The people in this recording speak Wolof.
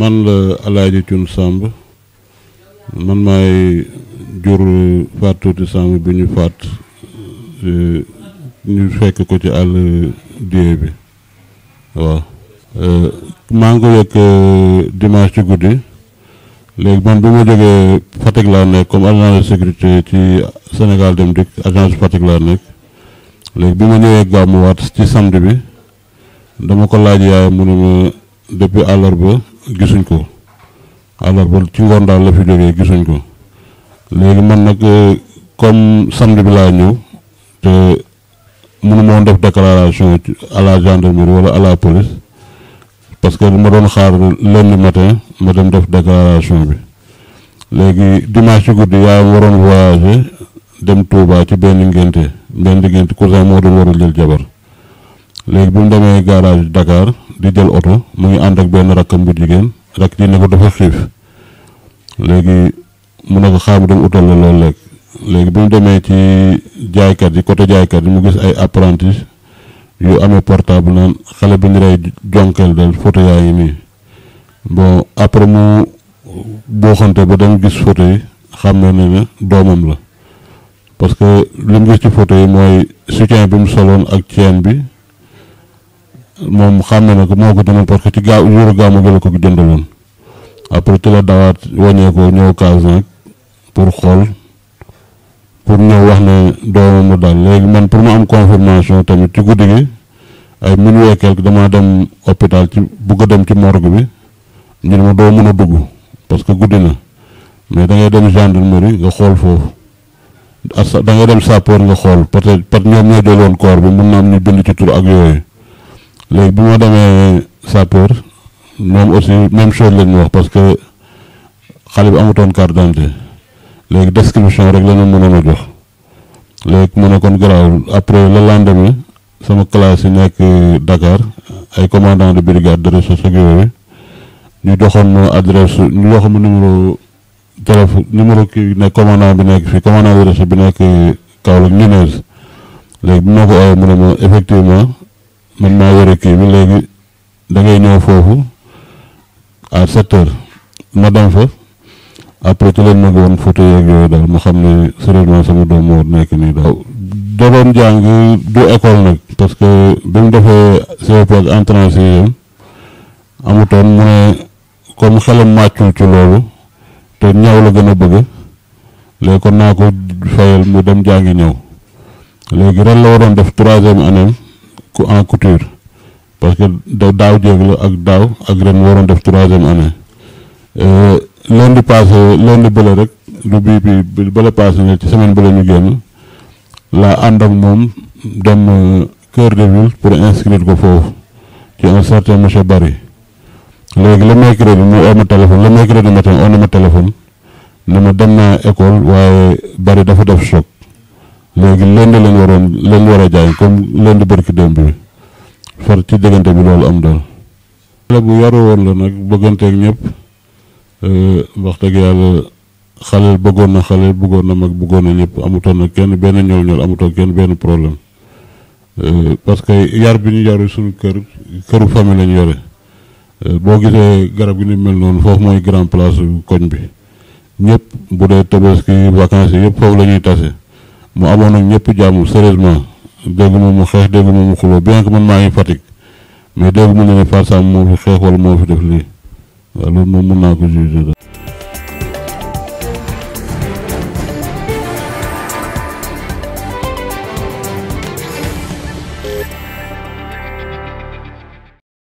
man la alaaji cun samb man may jur faat tuuti samb bi ñu faat euh, ñu fekk ko ci àll die bi waaw euh, maa ngi ko yëg euh, dimanche ci guddi léegi man bi ma jógee Fatick laa nekk comme agent de sécurité ci Sénégal dem dik agence Fatick laa nekk léegi bi ma ñëwee gàmmuwaat ci samedi bi dama ko laaj yaay mu ne ma depuis àllarba gisuñ ko àllarba ci ngoon daal la fi jógee gisuñ ko léegi man nag euh, comme samedi bi laa ñëw te mënu moon def déclaration à la gendarmerie wala à la parce que ma doon xaar lundi matin ma dem def déclaration bi léegi dimanche ci guddi yaa waroon voyager dem Touba ci benn ngénte benn ngénte cousin moo doon war a jël jabar léegi bi mu demee garage Dakar di jël oto mu ngi ànd ak benn rakkam bu jigéen rek ji ne ko dafa xiif léegi mu ne ko xaar mu dem utal la loolu lekk léegi bi mu demee ci jaaykat yi côté jaaykat yi mu gis ay apprentis yu amee portable naan xale bi ñu rey photo yaa ngi nii bon après mu booxante ba dem gis photo yi xam ne ne doomam la parce que li mu gis ci photo yi mooy soutien bi mu soloon ak chaîne bi moom xam na ne que moo ko demoon parce que ci gaa yuuru gàmmu gi la ko jëndaloon après ci la dawaat wàññeekoo ñëw kaas pour xool pour ñëw wax ne doomam mu daal léegi man pour ma am confirmation tamit ci guddi gi ay minuit quelque damaa dem hôpital ci bugg a dem ci morgue bi ñu ne ma doo mën a parce que guddi na mais da ngay dem gendarmerie nga xool foofu. da ngay dem sapeur nga xool peut-être peut ñoom ñoo jëloon corps bi mun na am ñu bind ci tur ak yooyu léegi bi ma demee sapeur ñoom aussi même chose lañ ñu wax parce que xale bi amutoon carte d'identité léegi description rek la ñu mënoon jox léegi mu ne kon garaawul après le lendemain sama classe yi nekk Dakar ay commandant de brigade de ressources ak yooyu ñu joxoon ma adresse ñu joxoon ma numéro téléphone numéro kii ne commandant bi nekk fii commandant de ressources bi nekk Kaolack Nunez léegi bi ma ko aayee mu ne ma effectivement. man maa yore kii bi léegi da ngay ñëw foofu à sept heures ma dem fa après ci leen ma woon photo yeeg yooyu daal ma xam ne sérieusement sama doom moo nekk nii daal da doon jàng du école nag parce que bi mu defee CEP ak entrée amutoon mu ne comme xelam màccul ci loolu te ñaw la gën a bëgg léegi kon naa ko fayal mu dem jàngi ñëw léegi ren la waroon def troisième année en couture parce que da daaw jéeg la ak daaw ak ren waroon def troisième année euh, lundi passé lundi bële rek lu bii bi bële passé ne ci semaine bële ñu génn laa ànd ak moom dem euh, cœur de ville pour inscrire ko foofu ci un certain monsieur Barry léegi le mercredi mu oo ma téléphone le mercredi matin oo na ma téléphone ne ma dem naa école waaye Barry dafa def choc léegi lënd lañ waroon lañ war a jaay comme lenn bërki démb bi far ci dëggante bi loolu am daal. la bu yaru woon la nag bëgganteeg ñëpp euh, wax dëgg yàlla xale bëggoon na xale bëggoon na mag bëggoon na ñëpp amutoon nag kenn benn ñool ñool amutoon kenn benn problème euh, parce que yar bi ñu yaru suñu kër këru famille lañu yore euh, boo gisee garab gi ni mel noonu foofu mooy grand place koñ bi ñëpp bu dee tabaski vacances yëpp foofu lañuy ñuy tase. mu amoon ak ñëpp jàmm sérieusement dégg ma mu xeex dégg moom mu xuloo bien que man maa ngi Fatick mais dégg mu ne ne Fatou Samb moo fi xeex wala moo fi def lii waaw loolu moom mën naa ko jugé